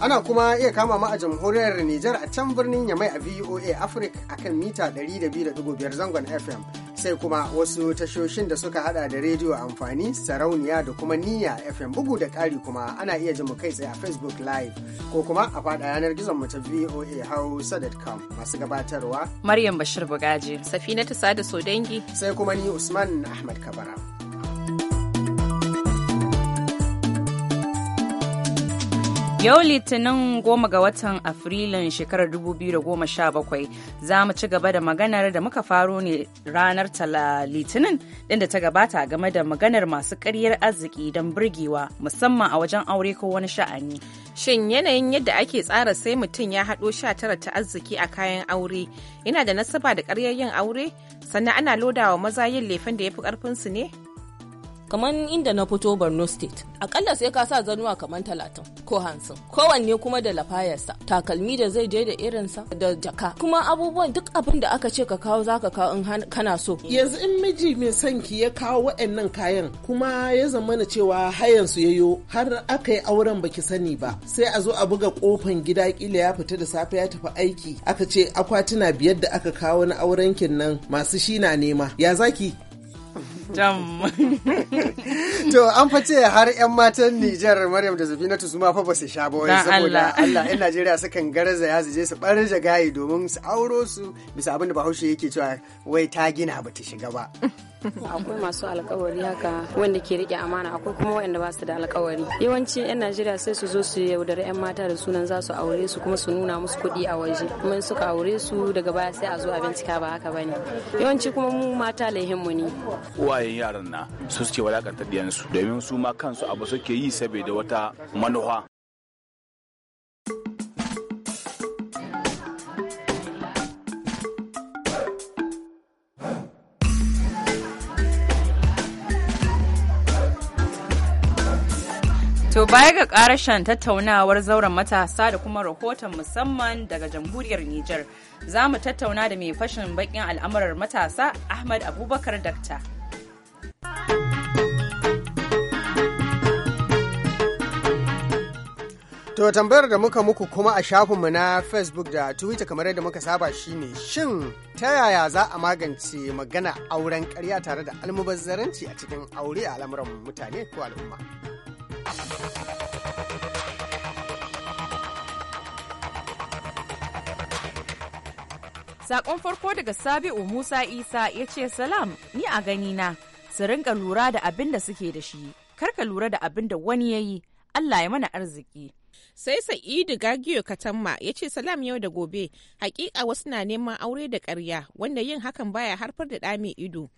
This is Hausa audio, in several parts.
Ana kuma iya kama mu a jamhuriyar Nijar a can birnin Yamai a VOA Africa akan mita biyar zangon FM. Sai kuma wasu tashoshin da suka hada da rediyo amfani, sarauniya da kuma niyya FM bugu da kari kuma ana iya jin mu kai tsaye a Facebook Live ko kuma a fada yanar gizon mu ta VOA Hausa.com masu gabatarwa. Maryam Bashir Bugaji, Safina sada da Sodangi. Sai kuma ni Usman Ahmad Kabara. Yau Litinin goma ga watan Afrilun shekarar 2017 za mu ci gaba da maganar da muka faro ne ranar tala Litinin din da ta gabata game da maganar masu karyar arziki don burgewa musamman a wajen aure ko wani sha'ani. Shin yanayin yadda ake tsara sai mutum ya haɗo sha tara ta arziki a kayan aure yana da nasaba da karyar yin aure? Sannan ana lodawa maza yin laifin da ya fi ƙarfinsu ne? kamar inda na fito borno state akalla sai ka sa zanuwa kamar talatin ko hansin kowanne kuma da lafayarsa takalmi da zai je da irinsa da jaka kuma abubuwan duk abin da aka ce ka kawo zaka kawo in kana so yanzu in miji mai son ki ya kawo waɗannan kayan kuma ya zamana cewa hayan su yayo har aka yi auren baki sani ba sai a zo a buga kofan gida kila ya fita da safe ya tafi aiki aka ce akwatuna biyar da aka kawo na aurenkin nan masu shi na nema ya zaki jam to an fa ce har yan matan Nijar Maryam da Zafinatu su ma fa ba su sha ba wai saboda Allah yan Najeriya sukan garza ya je su barja gayi domin su auro su bisa abin da Bahaushe yake cewa wai ta gina ba ta shiga ba akwai masu alkawari haka wanda ke rike amana akwai kuma wanda ba su da alkawari yawanci yan najeriya sai su zo su yaudari yan mata da sunan za su aure su kuma su nuna musu kuɗi a waje kuma suka aure su daga baya sai a zo a bincika ba haka bane yawanci kuma mu mata mu ne uwayen yaran na su suke walakanta diyansu domin su ma kansu abu suke yi saboda wata manufa To baya ga karashen tattaunawar zauren matasa da kuma rahoton musamman daga jamhuriyar Nijar, za mu tattauna da mai fashin bakin al'amurar matasa Ahmad Abubakar Dakta. To tambayar da muka muku kuma a shafinmu na Facebook da Twitter kamar yadda muka saba shi ne shin ta yaya za a magance magana auren karya tare da almubazzaranci a cikin aure a al'amuran mutane ko al'umma? Sakon farko daga Sabi'u Musa Isa ya ce salam ni a ganina su rinka lura da abin da suke da shi, karka lura da abin da wani ya yi, Allah ya mana arziki. Sai Sa'idu Gagiyo Katamma ya ce salam yau da gobe, hakika wasu na neman aure da ƙarya wanda yin hakan baya harfar da ɗa mai ido.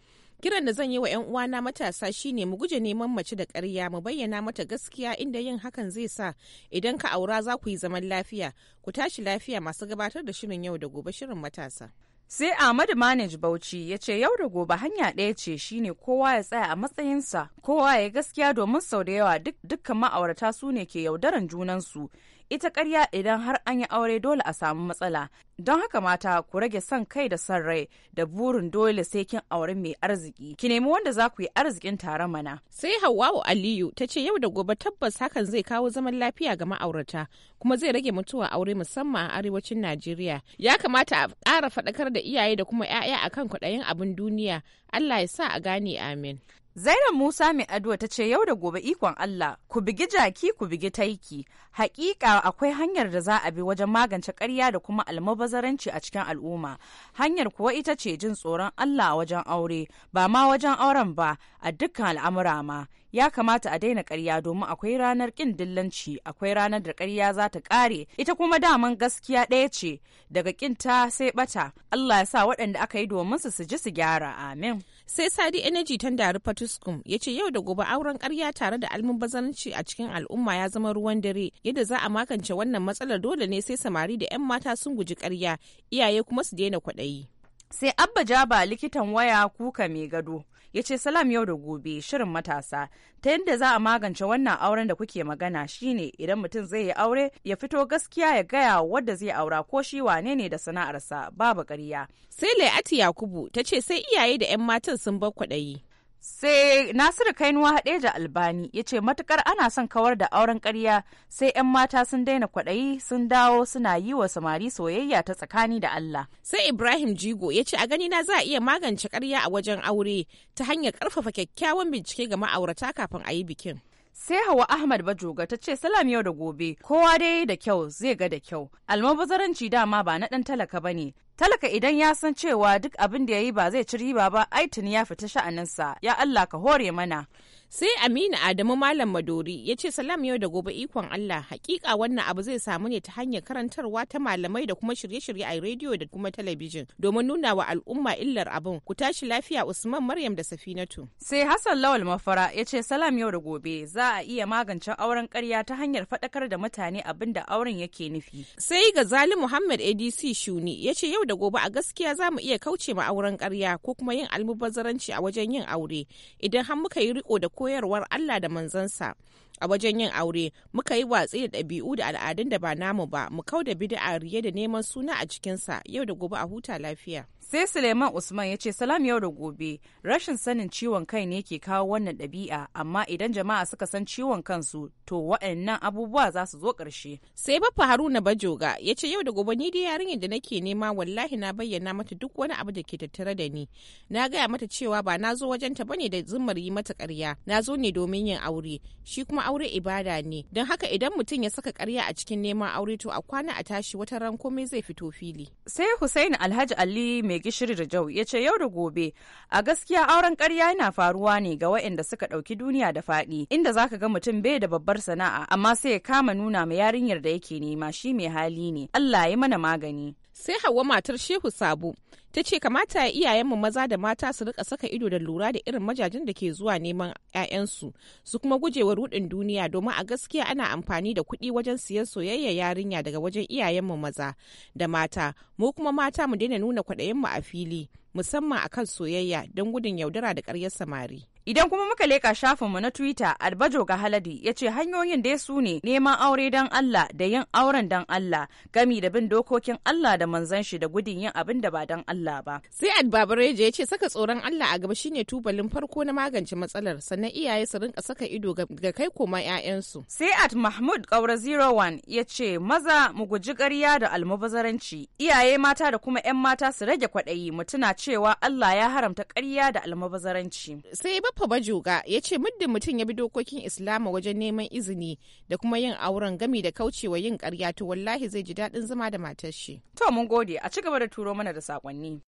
Kiran da zan yi wa 'yan uwana matasa shine mu guje neman mace da karya mu bayyana mata gaskiya inda yin hakan zai sa idan ka aura za ku yi zaman lafiya ku tashi lafiya masu gabatar da shirin yau da gobe shirin matasa. Sai Ahmadu Manage Bauchi ya ce yau da gobe hanya ɗaya ce shine kowa ya tsaya a matsayinsa, kowa ya gaskiya domin sau da yawa dukkan ma'aurata su ne ke yaudaran junansu ita karya idan har an yi aure dole a samu matsala don haka mata ku rage son kai da son rai da burin dole sai kin aure mai arziki ki nemi wanda za ku yi arzikin tare mana sai wa aliyu ta ce yau da gobe tabbas hakan zai kawo zaman lafiya ga ma'aurata kuma zai rage mutuwa aure musamman a arewacin najeriya ya kamata a ƙara faɗakar da iyaye da kuma 'ya'ya akan kwaɗayin abin duniya allah ya sa a gane amin Zainab Musa mai adwa ta ce yau da gobe ikon Allah ku bigi jaki ku bigi taiki hakika akwai hanyar da za a bi wajen magance ƙarya da kuma almabazaranci a cikin al'umma hanyar kuwa ita ce jin tsoron Allah a wajen aure ba ma wajen auren ba a dukkan al'amura ma ya kamata a daina ƙarya domin akwai ranar ƙin dillanci akwai ranar da ƙarya za ta ƙare ita kuma daman gaskiya ɗaya ce daga ƙinta sai ɓata Allah ya sa waɗanda aka yi domin su su ji su gyara amin sai sadi energy tandari patuskum ya ce yau da gobe auren karya tare da almubazanci a cikin al'umma ya zama ruwan dare yadda za a makance wannan matsalar dole ne sai samari da 'yan mata sun guji karya iyaye kuma su daina kwaɗayi sai abba jaba likitan waya kuka mai gado ya ce salam yau da gobe shirin matasa ta yadda za a magance wannan auren da kuke magana shine idan mutum zai yi aure ya fito gaskiya ya gaya wadda zai aura ko shi wane ne da sana'arsa babu ƙarya. sai lai'ati yakubu ta ce sai iyaye da 'yan matan sun bar kwaɗayi sai nasiru kainuwa hadeja albani ya ce matukar ana son kawar da auren karya sai 'yan mata sun daina kwaɗayi sun dawo suna yi wa samari soyayya ta tsakani da allah sai ibrahim jigo ya ce a gani na za a iya magance karya a wajen aure ta hanyar ƙarfafa kyakkyawan bincike ga ma'aurata kafin a yi bikin sai hawa ahmad bajoga ta ce salam yau da gobe kowa dai da kyau zai ga da kyau almabazaranci dama ba na dan talaka bane talaka idan ya san cewa duk abin da ya yi ba zai ci riba ba aitin ya fita sha'aninsa ya allah ka hore mana sai aminu adamu malam madori ya ce salam yau da gobe ikon allah hakika wannan abu zai samu ne ta hanyar karantarwa ta malamai da kuma shirye-shirye a rediyo da kuma talabijin domin nuna wa al'umma illar abin ku tashi lafiya usman maryam da safinatu sai hassan lawal mafara ya ce salam yau da gobe za a iya magance auren karya ta hanyar faɗakar da mutane abin da auren yake nufi sai ga zali muhammad adc shuni ya ce yau da gobe a gaskiya za mu iya kauce ma auren karya ko kuma yin almubazzaranci a wajen yin aure idan har muka yi riko da koyarwar Allah da manzansa. A wajen yin aure, muka yi watsi da ɗabi'u da al'adun da ba namu ba, mu kau da bid'a riye da neman suna a cikinsa yau da gobe a huta lafiya. sai suleiman usman ya ce salam yau da gobe rashin sanin ciwon kai ne ke kawo wannan ɗabi'a amma idan jama'a suka san ciwon kansu to waɗannan abubuwa za su zo ƙarshe sai bafa haruna bajoga ya ce yau da gobe ni dai yarinyar da nake nema wallahi na bayyana mata duk wani abu da ke tattare da ni na gaya mata cewa ba na zo wajen ta bane da zumar yi mata ƙarya na zo ne domin yin aure shi kuma aure ibada ne don haka idan mutum ya saka ƙarya a cikin neman aure to a kwana a tashi wata ran komai zai fito fili sai husaini alhaji ali mai gishiri da jau ya ce yau da gobe a gaskiya auren karya yana faruwa ne ga waɗanda suka ɗauki duniya da faɗi inda zaka ga mutum bai da babbar sana'a amma sai ya kama nuna ma yarinyar da yake nema shi mai hali ne Allah ya mana magani. sai hawa matar shehu sabo ta ce kamata ya iyayenmu maza da mata su rika saka ido da lura da irin majajen da ke zuwa neman 'ya'yansu su kuma gujewa rudin duniya domin a gaskiya ana amfani da kuɗi wajen siyan soyayya yarinya daga wajen iyayen mu maza da mata mu kuma mata mu daina nuna kwaɗayin mu a fili musamman akan soyayya don gudun yaudara da ƙaryar samari Idan kuma muka shafin shafinmu na Twitter, Albajo ga Haladi ya ce hanyoyin dai su ne neman aure dan Allah da yin auren dan Allah gami da bin dokokin Allah da manzan shi da gudun yin abin da ba dan Allah ba. Sai Adbabareje ya ce saka tsoron Allah a gaba shine tubalin farko na magance matsalar sannan iyaye su rinka saka ido ga kai koma 'ya'yansu. Sai at Mahmud Kaura 01 ya ce maza mu guji ƙarya da almubazaranci iyaye mata da kuma 'yan mata su rage kwaɗayi mu tuna cewa Allah ya haramta ƙarya da almubazaranci. Sai Baffa Bajoga ya ce muddin mutum ya bi dokokin Islama wajen neman izini da kuma yin auren gami da kaucewa yin karya to wallahi zai ji daɗin zama da matar shi. To mun gode a ci gaba da turo mana da saƙonni.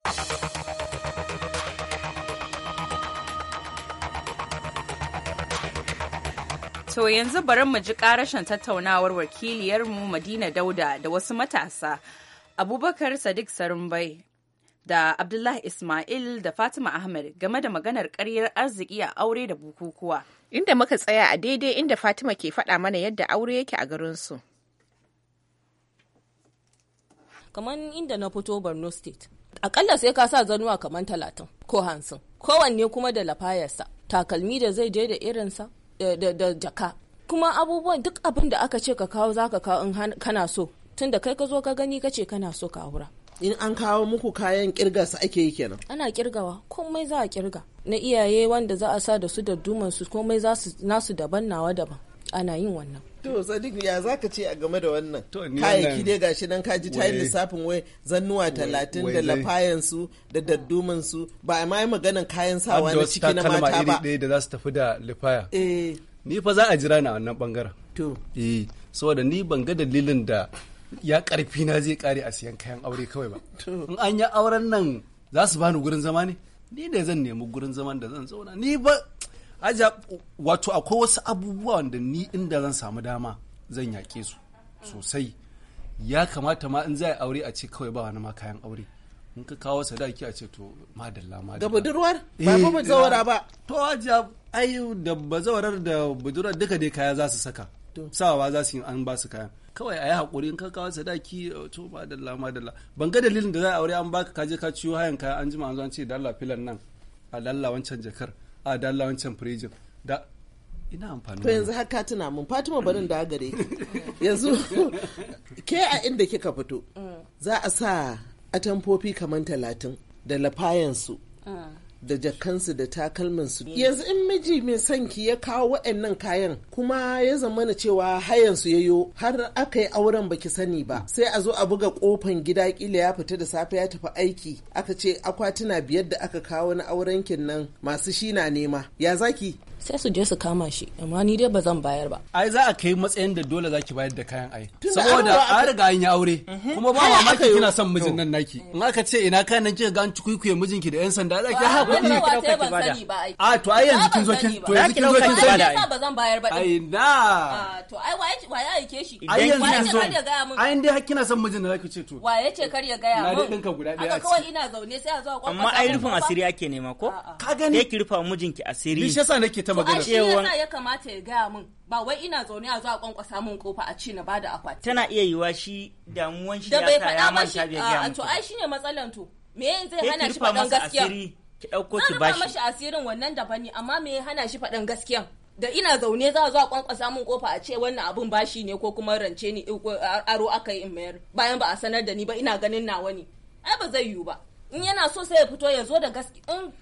To yanzu bari mu ji ƙarashin tattaunawar wakiliyarmu Madina Dauda da wasu matasa Abubakar Sadiq Sarumbai da Abdullahi Ismail da Fatima Ahmed game da maganar karyar arziki a aure da bukukuwa. Inda muka tsaya a daidai inda Fatima ke faɗa mana yadda aure yake a garinsu. Kamar inda na fito Borno State, akalla sai ka sa zanuwa kamar talatin ko hansin, kowanne kuma da lafayarsa, takalmi da zai je da irinsa da jaka. Kuma abubuwan duk abin da aka ce ka kawo za ka kawo in kana so, tunda kai ka zo ka gani ka ce kana so ka aura. in an kawo muku kayan kirga su ake yi kenan ana kirgawa komai za a kirga na iyaye wanda za a sa da su da duman su komai za su nasu daban nawa daban ana yin wannan to sadiq ya zaka ce a game da wannan kayayyaki dai gashi nan kaji ta yi lissafin wai zannuwa talatin da lafayan su da dadduman su ba a ma yi maganan kayan sawa na ciki na mata ba da za su tafi da lifaya eh. ni fa za a jira na wannan bangaren to eh saboda ni ban ga dalilin da ya karfi na zai kare a siyan kayan aure kawai ba in an yi auren nan za su bani gurin zama ne ni ne zan nemi gurin zaman da zan zauna ni ba aja wato akwai wasu abubuwa wanda ni inda zan samu dama zan yaƙe su sosai ya kamata ma in za a aure a ce kawai ba wani ma kayan aure in ka kawo sadaki a ce to madalla madalla Da budurwar ba ba eh, bazawara ba to aja ayu da bazawarar da budurwar duka dai kaya za su saka sawa za su yi an ba su kayan kawai a yi hakuri in ka kawo sadaki eh, to da lama da la ban ga dalilin da za a aure an baka kaje ka ciwo hayan ka an jima an zo an ce dalla filan nan a dalla wancan jakar a dalla wancan firijin da ina amfani to yanzu haka tuna mun fatima barin da gare yanzu ke a inda kika fito mm. za a sa atamfofi kamar talatin da lafayansu mm. da jakansu da takalmansu yanzu in miji mai sanki ya kawo waɗannan kayan kuma ya zama na cewa hayansu ya yo har aka yi auren baki sani ba sai a zo a buga kofan gida kila ya fita da safe ya tafi aiki aka ce akwatuna biyar da aka kawo na aurenkin nan masu shi na nema ya zaki sai su je su kama shi amma ni dai ba zan bayar ba ai za a kai matsayin da dole zaki bayar da kayan ai saboda an riga an yi aure mhm. kuma ba mamaki kina son mijin nan naki in aka ce ina kayan nan kika ga an cikuikuye mijinki da yan sanda za ki ha kuɗi ki dauka ki bada a to ai yanzu kin zo kin to yanzu kin zo kin ba zan bayar ba ai na ah, to ai wa wa ya aike shi ai yanzu kin zo ai dai har kina son mijin nan zaki ce to waye ce kar ya gaya mun na dai dinka guda daya haka kawai ina zaune sai a zo a kwafa amma ai rufin asiri ake nema ko ka gani ki rufa mijinki asiri ni shi yasa nake ta magana. Shi ya kamata ya gaya min ba wai ina zaune a zuwa kwankwasa min kofa a ci na bada akwati. Tana iya yiwa shi damuwan shi ya sa ya manta bai gaya min. To ai shine matsalan to. Me zai hana shi faɗan gaskiya? Ki ɗauko ki bashi. Na mashi asirin wannan daban ne amma me ya hana shi faɗan gaskiya? da ina zaune za a zo a kwankwasa min kofa a ce wannan abun bashi ne ko kuma rance ni aro aka yi in mayar bayan ba a sanar da ni ba ina ganin nawa ne ai ba zai yiwu ba in yana so sai ya fito ya zo da gaske in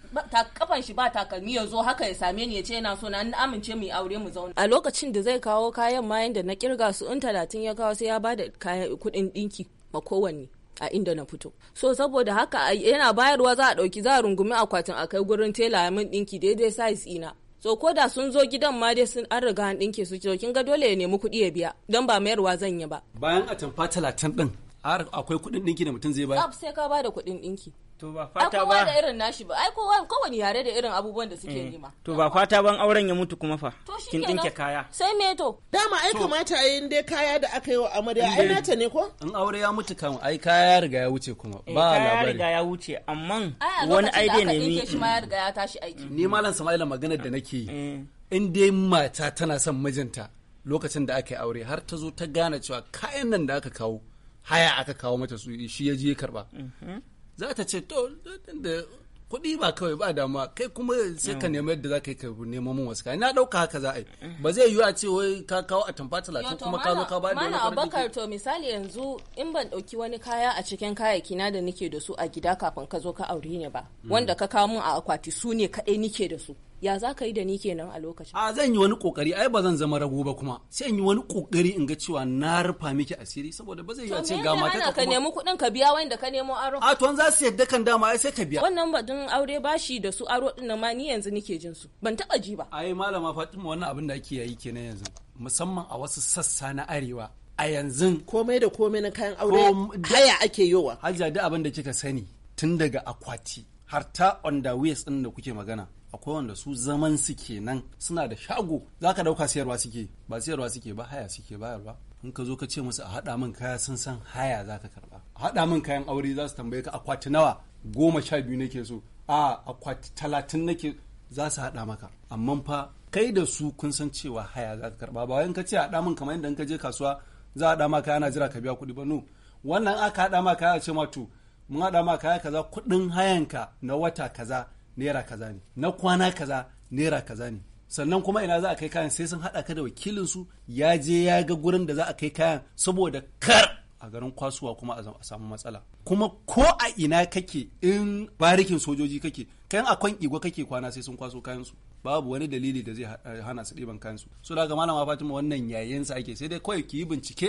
kafan shi ba takalmi ya zo haka ya same ni ya ce yana so na amince mu aure mu zauna a lokacin da zai kawo kayan mayan da na kirga su in talatin ya kawo sai ya bada kayan kudin dinki ma kowanne a inda na fito so saboda haka yana bayarwa za a dauki za a rungumi akwatin a kai gurin tela min dinki daidai size ina so ko da sun zo gidan ma dai sun an riga an dinke su kin ga dole ya nemi kuɗi ya biya don ba mayarwa zan yi ba bayan a tamfa talatin din. har akwai kuɗin ɗinki da mutum zai bayar sai ka bada kuɗin ɗinki to ba fata ba da irin nashi ba ai kowa kowani yare da irin abubuwan da suke mm. nima. to ba fata ban auren ya mutu kuma fa kin dinke kaya sai me to dama ai kamata a yi dai kaya da aka yi wa amarya ai nata ne ko in aure ya mutu kan ai kaya ya riga ya wuce kuma eh, ba labari kaya riga ya wuce amma wani ai dai ne ni shi ma ya riga ya tashi aiki ni malam Sama'ila maganar da nake eh. in dai mata tana son mijinta lokacin da aka yi aure har ta zo ta gane cewa kayan nan da aka kawo haya aka kawo mata su shi ya je karba mhm. za ta ce to da kuɗi ba kawai ba dama kai kuma sai ka mm. nemi yadda za ka yi ka nemo mun wasu kayan na ɗauka haka za a yi ba zai yiwu a ce wai ka kawo a tamfa talatin kuma ka zo ka ba da wani abakar to misali yanzu in ban ɗauki wani kaya a cikin kayayyaki na da nake da su a gida kafin ka zo ka aure ne ba mm. wanda ka kawo mun a akwati su ne kaɗai nike da su ya za ka yi da ni kenan a lokacin a zan yi wani kokari ai ba zan zama rago ba kuma sai in yi wani kokari in ga cewa na rufa miki asiri saboda ba zai yi a ce ga mata ka nemi kuɗin ka biya wanda ka nemo aro a to za su yadda kan dama ai sai ka biya wannan batun aure bashi da su aro ɗin ma ni yanzu nike jin su ban taɓa ji ba ai malama Fatima wannan abin da ake yayi kenan yanzu musamman a wasu sassa na arewa a yanzu komai da komai na kayan aure haya ake yowa hajja da abin da kika sani tun daga akwati har ta on the waist din da kuke magana akwai wanda su zaman su kenan suna da shago Za ka dauka siyarwa suke ba siyarwa suke ba haya suke bayarwa in ka zo ka ce musu a haɗa min kaya sun san haya za ka karba a haɗa min kayan aure za su tambaye ka akwati nawa goma sha biyu nake so a akwati talatin nake za su haɗa maka amma fa kai da su kun san cewa haya za ka karba ba wayan ka ce a haɗa min kamar yadda in ka je kasuwa za a haɗa maka yana jira ka biya kuɗi ba no wannan aka haɗa maka ya ce ma to mun haɗa maka ya kaza kuɗin hayanka na wata kaza naira kaza ne na kwana kaza naira kaza ne sannan kuma ina za a kai kayan sai sun haɗa ka da wakilin su ya je ya ga gurin da za a kai kayan saboda kar a garin kwasuwa kuma a samu matsala kuma ko a ina kake in barikin sojoji kake kayan akwai igwa kake kwana sai sun kwaso su babu wani dalili da zai eh, hana su ɗiban su so daga malama fatima wannan yayin sa ake sai dai kawai ki yi bincike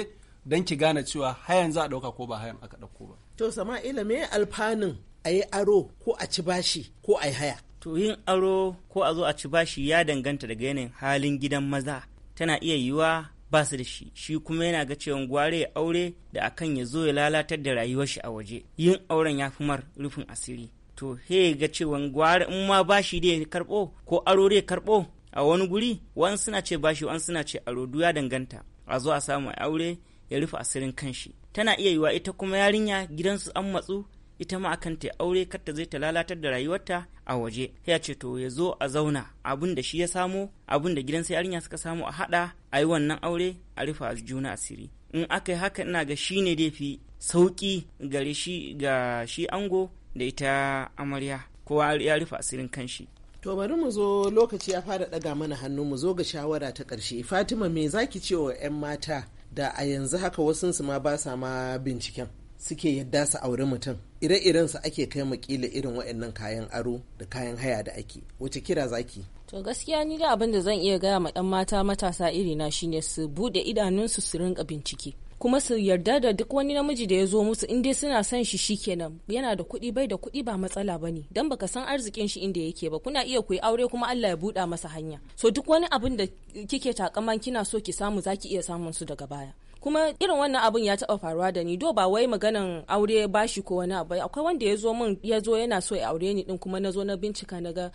don ki gane cewa hayan za a ɗauka ko ba hayan aka ɗauko ba to sama'ila me alfanun a yi aro ko a ci bashi ko a yi haya to yin aro ko a zo a ci bashi ya danganta daga yanayin halin gidan maza tana iya yiwa ba su da shi shi kuma yana ga cewa gware ya aure da akan ya zo ya lalatar da rayuwar shi a waje yin auren ya fi mar rufin asiri to he ga cewa gware in ma bashi dai karbo ko aro dai karbo a wani guri wan suna ce bashi wan suna ce aro du ya danganta a zo a samu aure ya rufe asirin kanshi tana iya yiwa ita kuma yarinya gidansu an matsu ita ma akan ta aure kar zai ta lalatar da rayuwarta a waje ya ce to ya zo a zauna abin da shi ya samo abin da gidan sai yarinya suka samu a hada a yi wannan aure a rufa juna asiri in aka yi haka ina ga shi ne dai fi sauki gare shi ga shi ango da ita amarya kowa ya rufe asirin kanshi To bari mu zo lokaci ya fara daga mana hannu mu zo ga shawara ta karshe Fatima me zaki ce wa 'yan mata da a yanzu haka wasunsu ma ba sa ma binciken? suke yadda su aure mutum ire-iren su ake kai makila irin waɗannan kayan aro da kayan haya da ake wace kira zaki to gaskiya ni da abin da zan iya gaya ma dan mata matasa iri na shine su bude idanunsu su rinka bincike kuma su yarda da duk wani namiji da ya zo musu in dai suna son shi shi shikenan yana da kuɗi bai da kuɗi ba matsala ba ne don baka san arzikin shi inda yake ba kuna iya kuyi aure kuma Allah ya buɗa masa hanya so duk wani abin da kike takaman kina so ki samu zaki iya samun su daga baya kuma irin wannan abun ya taba faruwa da ni do ba wai maganan aure bashi ko wani abu akwai wanda ya zo min ya zo yana so ya aure ni din kuma na zo na bincika na ga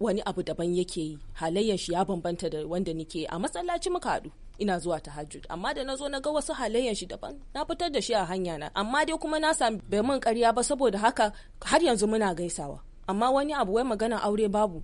wani abu daban yake yi halayyar shi ya bambanta da wanda nike a masallaci muka haɗu ina zuwa ta tahajjud amma da na zo na ga wasu halayyar shi daban na fitar da shi a hanya na amma dai kuma na sami bai min ƙarya ba saboda haka har yanzu muna gaisawa amma wani abu wai magana aure babu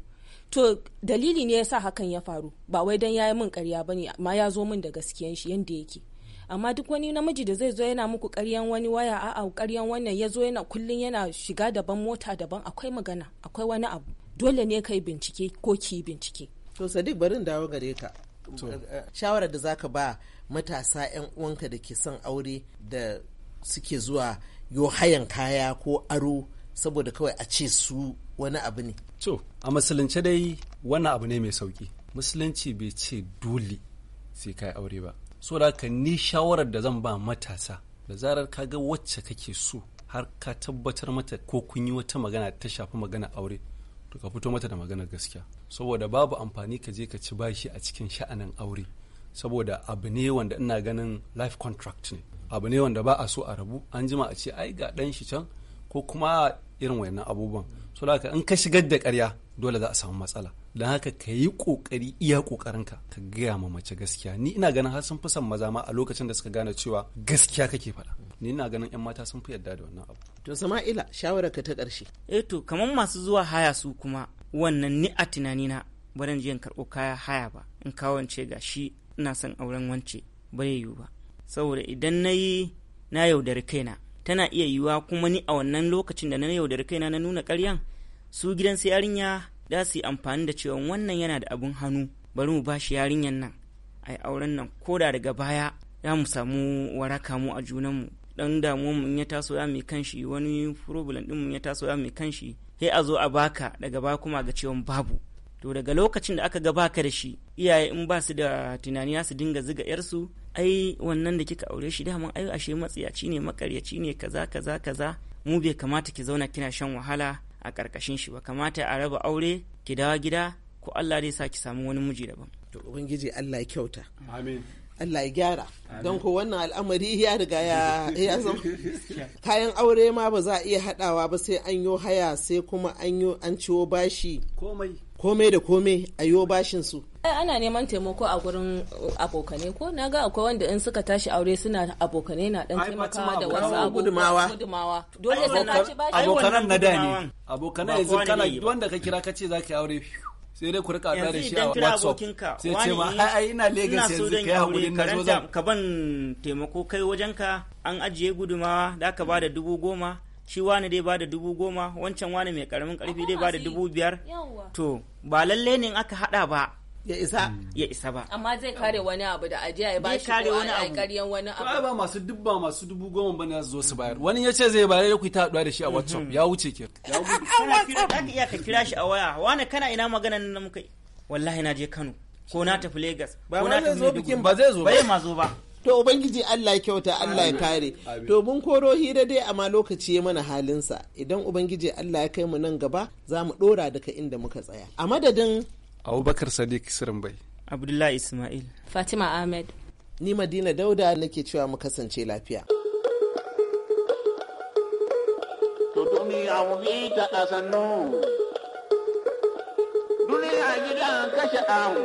to dalili ne yasa hakan ya faru ba wai dan yayi min ƙarya bane amma ya zo min da gaskiyan shi yanda yake amma duk wani namiji da zai zo yana muku karyan wani waya a karyan wannan ya zo yana kullum yana shiga daban mota daban akwai magana akwai wani abu dole ne kai bincike ko ki bincike to sadiq barin dawo gare ka eh, eh, shawara da zaka ba matasa 'yan uwanka da ke son aure da suke zuwa yo hayan kaya ko aro saboda kawai a ce su wani abu ne. To, a musulunce dai wani abu ne mai sauki. Musulunci bai ce dole sai kai aure ba. so da ka ni shawarar da zan ba matasa da zarar ka ga wacce kake so har ka tabbatar mata ko kun yi wata magana ta shafi magana aure to ka fito mata da maganar gaskiya saboda babu amfani ka je ka ci bashi a cikin sha'anin aure saboda abu ne wanda ina ganin life contract ne abu ne wanda ba a so a rabu an jima a ce ai ga dan shi can ko kuma irin wayannan abubuwan so da in ka shigar da ƙarya dole za a samu matsala don haka ka yi ƙoƙari iya kokarin ka ka gaya ma mace gaskiya ni ina ganin har sun fi son maza ma a lokacin da suka gane cewa gaskiya kake faɗa ni ina ganin 'yan mata sun fi yarda da wannan abu to sama'ila shawarar ka ta ƙarshe eh to kamar masu zuwa haya su kuma wannan ni a tunani na baran jiyan karɓo kaya haya ba in kawance ga shi ina son auren wance ba yiwu ba saboda idan na yi na yaudari kaina tana iya yiwuwa kuma ni a wannan lokacin da na yaudari kaina na nuna karyan su gidan sai yarinya da su yi amfani da cewa wannan yana da abin hannu bari mu bashi yarinyar nan a yi auren nan ko da daga baya za mu samu waraka mu a junanmu dan damuwa mu ya taso ya mai kanshi wani problem din mu ya taso ya mai kanshi sai a zo a baka daga baya kuma ga cewa babu to daga lokacin da aka ga baka da shi iyaye in ba su da tunani su dinga ziga yarsu ai wannan da kika aure shi daman ai ashe matsiyaci ne makaryaci ne kaza kaza kaza mu bai kamata ki zauna kina shan wahala a ƙarƙashin shi ba kamata a raba aure ki dawo gida ko Allah zai sa ki samu wani miji daban to ubangiji Allah ya kyauta amin Allah ya gyara don ko wannan al'amari ya riga ya zama kayan aure ma ba za a iya hadawa ba sai an yo haya sai kuma an yo an ciwo bashi komai komai da komai a yo bashin su Eh, ana neman taimako a gurin uh, abokane ko na ga akwai wanda in suka tashi aure suna abokane na dan taimakawa da wasu gudumawa dole sai na ci bashi abokanan na da ne abokanan yanzu kana wanda ka kira ka ce zaki aure sai dai ku rika da shi a WhatsApp sai ce ma ai ina Lagos yanzu kai hakuri na zo zan ka ban taimako kai wajen ka. an ajiye gudumawa da ka bada dubu goma shi wani dai bada dubu goma wancan wani mai karamin karfi dai bada dubu biyar to ba lalle ne aka hada ba ya isa ya isa ba amma zai kare wani abu da ajiya ya bashi kare wani abu ƙaryan wani abu ba masu dubba masu dubu goma ba su zo su bayar wani ya ce zai bayar ya ku ta da shi a WhatsApp mhm. ya wuce ke ya wuce ka iya ka kira shi a waya wani kana ina maganan nan muka wallahi na je Kano ko na tafi Lagos ko na tafi bikin ba zai zo ba ma zo ba to ubangiji Allah ya kyauta Allah ya kare to mun koro hira dai amma lokaci ya mana halinsa idan ubangiji Allah ya kai mu nan gaba za mu dora daga inda muka tsaya a madadin abubakar sadiq sirimbai abdullahi ismail fatima ahmed ni madina dauda nake cewa mu kasance lafiya duniya mu bi ta duniya gidan kashe ahu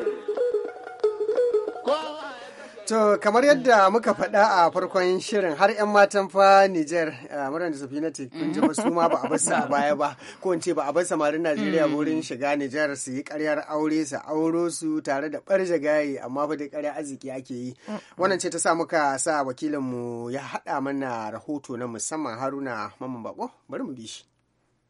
To kamar yadda muka faɗa a farkon shirin har 'yan matan fa Nijar muran da Sofinati kun ji su ma ba a basa a baya ba ko ce ba a bar samarin Najeriya wurin shiga Nijar su yi karyar aure su auro su tare da ɓarje gaye amma fa dai ƙaryar arziki ake yi. Wannan ce ta sa muka sa wakilinmu ya haɗa mana rahoto na musamman Haruna Mamman Bako bari mu bi shi.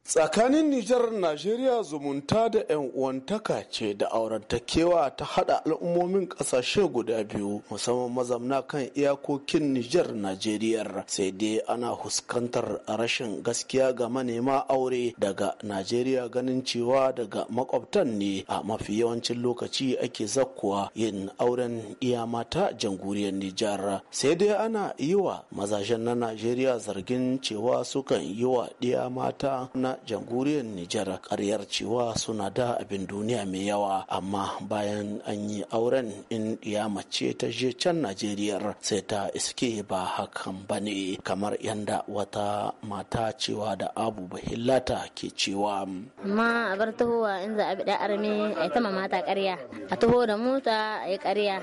tsakanin nijar najeriya zumunta da 'yan uwantaka ce da aurantakewa ta hada al'ummomin kasashe guda biyu musamman mazamna kan iyakokin nijar najeriya sai dai ana huskantar rashin gaskiya ga manema aure daga najeriya ganin cewa daga makwabtan ne a mafi yawancin lokaci ake zakkuwa yin auren iya mata jamhuriyar nijar sai dai ana yi wa mazajen na najeriya zargin cewa sukan yi wa mata na jamhuriyar Nijar karyar cewa suna da abin duniya mai yawa amma bayan an yi auren in ya mace ta je can Najeriya sai ta iske ba hakan ba ne kamar yadda wata mata cewa da abu bahillata ke cewa. Ma a bar tahowa in za a bi armi a ta mata karya a taho da mota a yi karya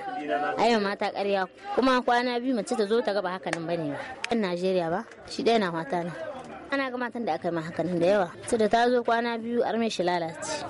a yi mata karya kuma kwana biyu mace ta zo ta gaba hakanin ba ne ba. Najeriya ba shi ɗaya na mata ne. ana ga matan da aka yi mahakanin da yawa su da ta zo kwana biyu arme shi lalace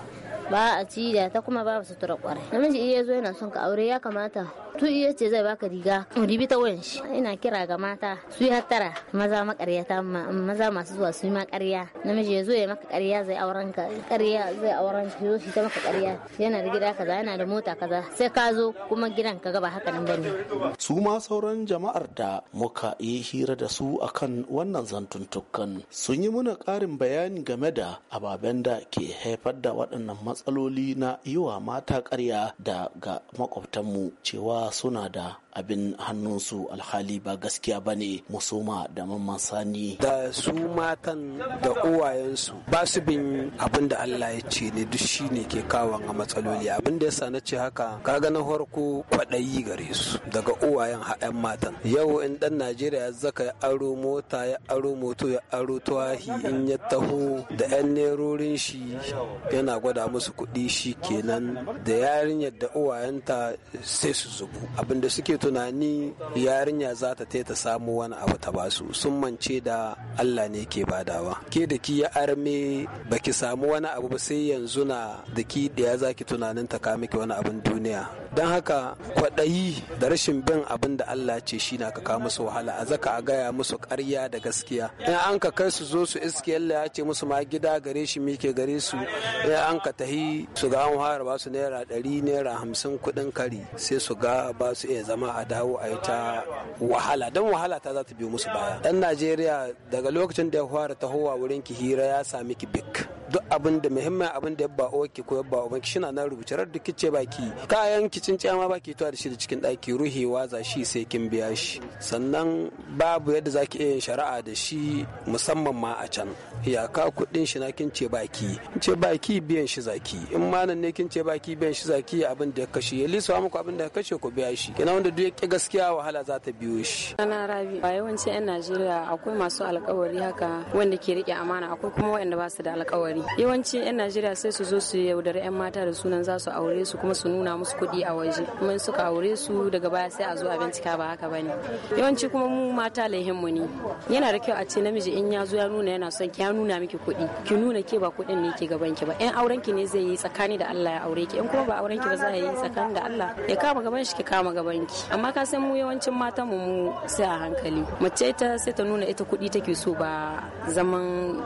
ba a ci da ta kuma ba babu tura kwarai namiji iya zo yana son ka aure ya kamata tu iya ce zai baka riga ribi ta wayan shi ina kira ga mata su yi hattara maza makaryata maza masu zuwa su yi ma karya namiji ya zo ya maka karya zai auren ka karya zai auren ka zo shi ta maka karya yana da gida kaza yana da mota kaza sai ka zo kuma gidan ka gaba haka nan bane su ma sauran jama'ar da muka yi hira da su akan wannan zantuntukan sun yi muna karin bayani game da ababen da ke haifar da waɗannan matsaloli na yiwa mata karya da ga makwabtanmu cewa suna da abin hannunsu alhali ba gaskiya ba ne musoma da mamman sani da su matan da uwayensu ba su bin abin da Allah ya ce ne duk shi ne ke kawon a matsaloli abin da yasa na ce haka kaga na farko kwaɗayi gare su daga uwayen hayan matan yau in ɗan Najeriya ya zaka ya aro mota ya aro moto ya aro tuwahi in ya taho da 'yan nerorin shi yana gwada musu su kuɗi shi kenan da yarinyar da uwayenta sai su zubu abinda suke tunani yarinya za ta ta samu wani abu ta basu sun mance da Allah ne ke badawa ke da ki ya arme baki samu wani abu ba sai yanzu na da ki da ya zaki tunanin ta ka miki wani abin duniya don haka kwaɗayi da rashin bin abin da Allah ce shi na ka kawo musu wahala a zaka a gaya musu karya da gaskiya in an ka kai su zo su iske Allah ya ce musu ma gida gare shi mike gare su in an ka tahi sai su ga an fara ba su naira ɗari naira hamsin kuɗin kari sai su ga ba su iya zama a dawo a yi ta wahala don wahala ta za ta biyo musu baya ɗan najeriya daga lokacin da ya fara tahowa wurin ki hira ya sami ki bik duk abin da muhimmin abin da yabba oki ko yabba uban ki shina nan rubuce rar da kice baki kayan kicin ma baki tuwa da shi da cikin daki ruhewa za shi sai kin biya shi sannan babu yadda zaki iya yin shari'a da shi musamman ma a can iyaka kudin shi na kin ce baki ce baki biyan shi zaki in ma nan ne kin ce baki biyan shi zaki abin da ya kashe ya lisa muku abin da ya kashe ku biya shi ina wanda duk ya gaskiya wahala za ta biyo shi ana rabi ba yawanci yan Najeriya akwai masu alkawari haka wanda ke rike amana akwai kuma wanda ba su da alkawari aure yawanci 'yan najeriya sai su zo su yaudari 'yan mata da sunan za su aure su kuma su nuna musu kuɗi a waje kuma suka aure su daga baya sai a zo a bincika ba haka bane yawanci kuma mu mata mu ne yana da kyau a ce namiji in ya zo ya nuna yana son ki ya nuna miki kuɗi ki nuna ke ba kuɗin ne ke gaban ki ba 'yan auren ki ne zai yi tsakani da Allah ya aure ki in kuma ba auren ki ba za a yi tsakani da Allah ya kama gaban shi ki kama gaban ki amma ka san mu yawancin mata mu mu sai a hankali mace ta sai ta nuna ita kuɗi take so ba zaman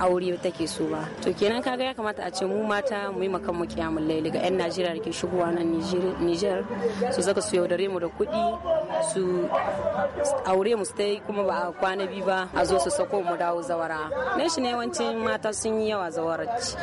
aure take so ba to kenan kaga ya kamata a ce mu mata mu yi makan mu kiyamun laili ga yan najeriya da ke shigowa nan niger su zaka su yaudare mu da kuɗi su aure mu su kuma ba a kwana biyu ba a zo su sako mu dawo zawara ne shi ne yawancin mata sun yi yawa zawararci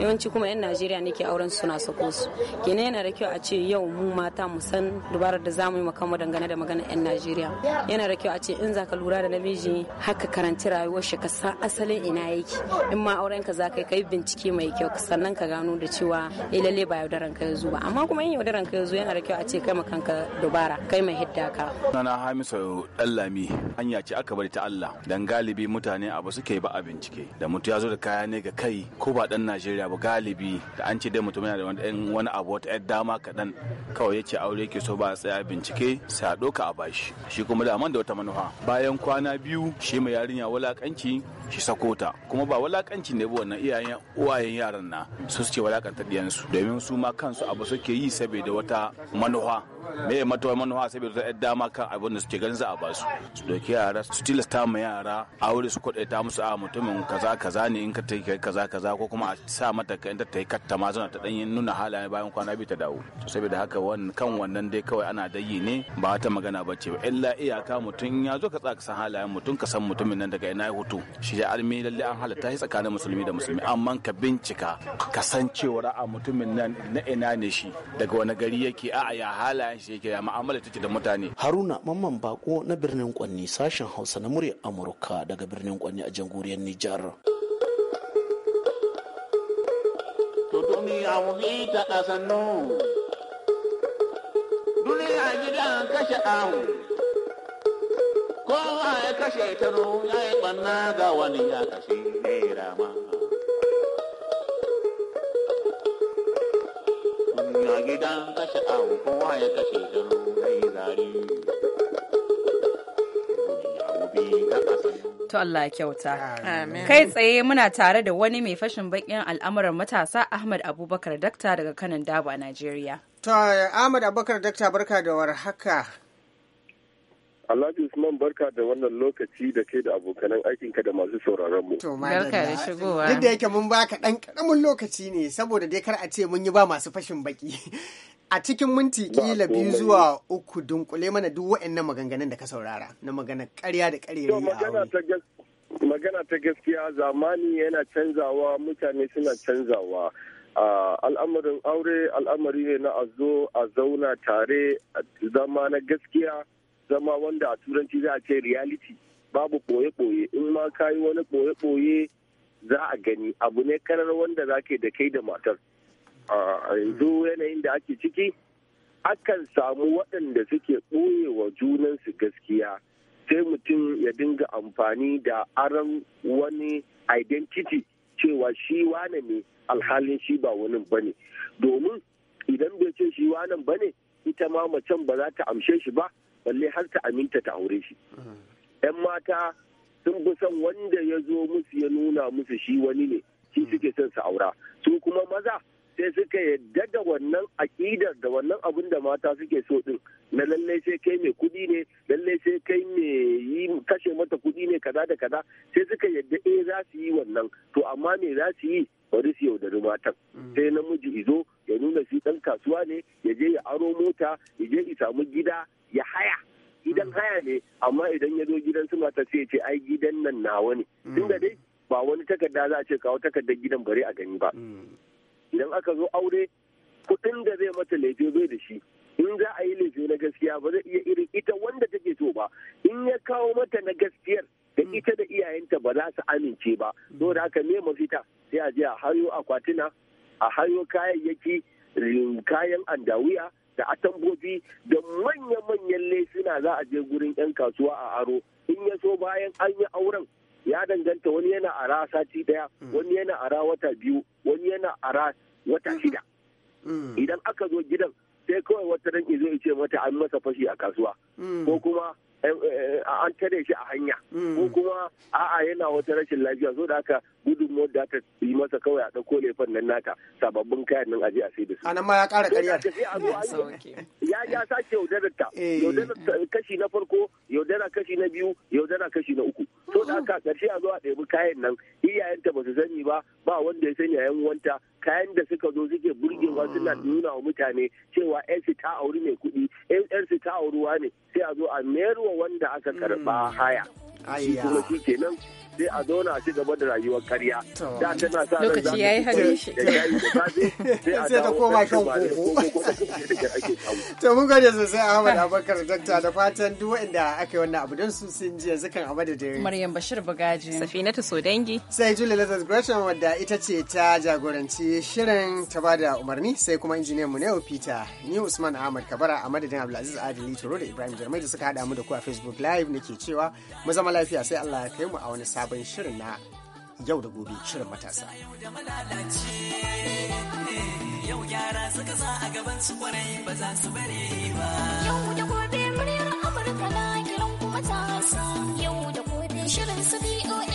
yawanci kuma yan najeriya ne ke auren suna sako su kenan yana da kyau a ce yau mu mata mu san dubarar da za mu yi makan mu dangane da maganar yan najeriya yana da kyau a ce in zaka lura da namiji haka karanci rayuwar shi ka san asalin ina yake in ma auren ka za ka kai bincike mai kyau sannan ka gano da cewa eh lalle ba yaudaran ka yanzu ba amma kuma in yaudaran ka yanzu yana da kyau a ce kai ka dubara kai mai hidda ka sunana Hamisu Dallami hanya ce aka bari ta Allah dan galibi mutane abu suke ba a bincike da mutu ya zo da kaya ne ga kai ko ba dan Najeriya ba galibi da an ce dai mutum yana da wani abu wata yar dama kaɗan kawai ya aure ke so ba a tsaya bincike sai a ɗauka a bashi shi kuma da da wata manufa bayan kwana biyu shi mai yarinya wulakanci shi sakota kuma ba wulakanci ne ba nan iyayen uwayen yaran na su suke walakanta diyansu domin su ma kansu abu suke yi saboda wata manufa me matuwa manuwa saboda ta dama kan abin da suke ganin za a ba su su doki yara su tilasta ma yara aure su kwadaita musu a mutumin kaza kaza ne in ka ta yi kaza kaza ko kuma a sa mata ka ta yi katta ma zana ta dan nuna halaye bayan kwana biyu ta dawo saboda haka kan wannan dai kawai ana dayi ne ba ta magana ba ce ba illa iyaka mutum ya zo ka tsaka san halayen mutum ka san mutumin nan daga ina ya hutu shi da almi lalle an halatta tsakanin musulmi da musulmi musulmi amma ka bincika ka san cewa a mutumin nan na ina ne shi daga wani gari yake a ya halayen shi yake ya mu'amala take da mutane haruna mamman bako na birnin kwanni sashen hausa na murya amurka daga birnin kwanni a jamhuriyar nijar duniya wuri ta kasannu duniya gidan kashe ahu kowa ya kashe ta ya yi ɓanna ga wani ya kashe ne rama gidan kashe abu kowa ya kashe duru mai zari. To Allah kyauta. Kai tsaye muna tare da wani mai fashin bakin al'amuran matasa Ahmad Abubakar Dakta daga kanan Daba, Najeriya. To Ahmad Abubakar Dakta barka da warhaka. Alhaji Usman barka da wannan lokaci da ke da abokanan aikinka da masu sauraron mu. Barka da shigowa. Duk da yake mun baka ɗan karamin lokaci ne saboda dai kar a ce mun yi ba masu fashin baki. A cikin minti kila biyu zuwa uku dunkule mana duk waɗannan maganganun da ka saurara na magana ƙarya da ƙarya. Magana ta gaskiya zamani yana canzawa mutane suna canzawa. Uh, al'amarin aure al'amari ne na a zo a zauna tare zama na gaskiya zama wanda a turanci za a ce reality babu ɓoye-ɓoye in ma kayi wani ɓoye-ɓoye za a gani abu ne karar wanda za da kai da matar a yanzu hmm. yanayin da ake ciki akan samu waɗanda suke ɓoye wa junansu gaskiya sai mutum ya dinga amfani da aron wani identity cewa shi wane ne alhalin shi ba wani bane domin idan bai ce shi wane bane ita ma macen ba za ta amshe shi ba balle har ta aminta ta aure shi yan mata sun fi son wanda ya zo musu ya nuna musu shi wani ne shi hmm. suke son su aura su kuma maza sai suka yadda da wannan aƙidar da wannan abin da mata suke so ɗin na lallai sai kai mai kuɗi ne lallai sai kai mai yi kashe mata kuɗi ne kaza da kaza sai suka yadda eh za su yi wannan to amma me za su yi bari su yaudari matan hmm. sai namiji izo ya nuna shi ɗan kasuwa ne ya je ya aro mota ya je ya samu gida ya haya idan mm. haya ne amma idan ya zo gidan su mata sai ce ai gidan nan nawa ne mm. tunda dai ba wani takarda za a ce kawo takardar gidan bare a gani ba mm. idan aka zo aure kuɗin da zai mata laifi zai da shi in za a yi laifi na gaskiya ba zai iya irin ita wanda take so ba in ya kawo mata na gaskiyar da ita da iyayenta ba za su amince ba da haka ne mafita sai a je a hayo akwatina a hayo kayayyaki kayan andawiya da atambobi da manya-manyan laifina za a je gurin 'yan kasuwa a aro in ya so bayan an yi auren ya danganta wani yana a ra sati daya mm. wani yana a ra wata biyu wani yana a ra wata mm. shida mm. idan aka zo gidan sai kawai wata ran izo ya ce mata an masa fashi a kasuwa ko kuma Eh, eh, eh, an tare shi a hanya mm. ko kuma a'a yana wata rashin lafiya so da haka gudunmuwar da aka yi masa kawai a ɗauko lefan nan naka sababbin kayan nan aje a sai da su. anan ma ya ƙara ƙarya ya ya sake yaudarar ta kashi na farko yaudara kashi na biyu yaudara kashi na uku so da aka ƙarshe a zo a ɗebi kayan nan iyayenta ba su sani ba ba wanda ya sani yan wanta kayan da suka zo suke burgewa suna mm. nuna wa mutane cewa yansu ta auri mai kuɗi yansu ta auruwa ne sai a zo a mayarwa wanda aka karɓa mm. haya. Shi sai a zo a ci gaba da rayuwar karya da tana sa ran za yayi hali shi sai ta koma kan koko to mun gode sosai Ahmad Abubakar dakta da fatan duk wanda aka yi wannan abu don su sun ji yanzu kan Ahmad da Maryam Bashir Bagaji Safinatu Sodangi sai Julie Lazarus Gresham wadda ita ce ta jagoranci shirin ta bada umarni sai kuma injiniyan mu Neo Peter ni Usman Ahmad Kabara a madadin Abdulaziz Adili Toro da Ibrahim Jarmai da suka hada mu da ku a Facebook live nake cewa mu zama lafiya sai Allah ya kai mu a wani sa sabon shirin na yau da gobe shirin matasa. Yau yara suka sa a gaban su kwarai ba za su bare ba. Yau da gobe muryar Amurka na kiran kuma ta Yau da gobe shirin su BOA.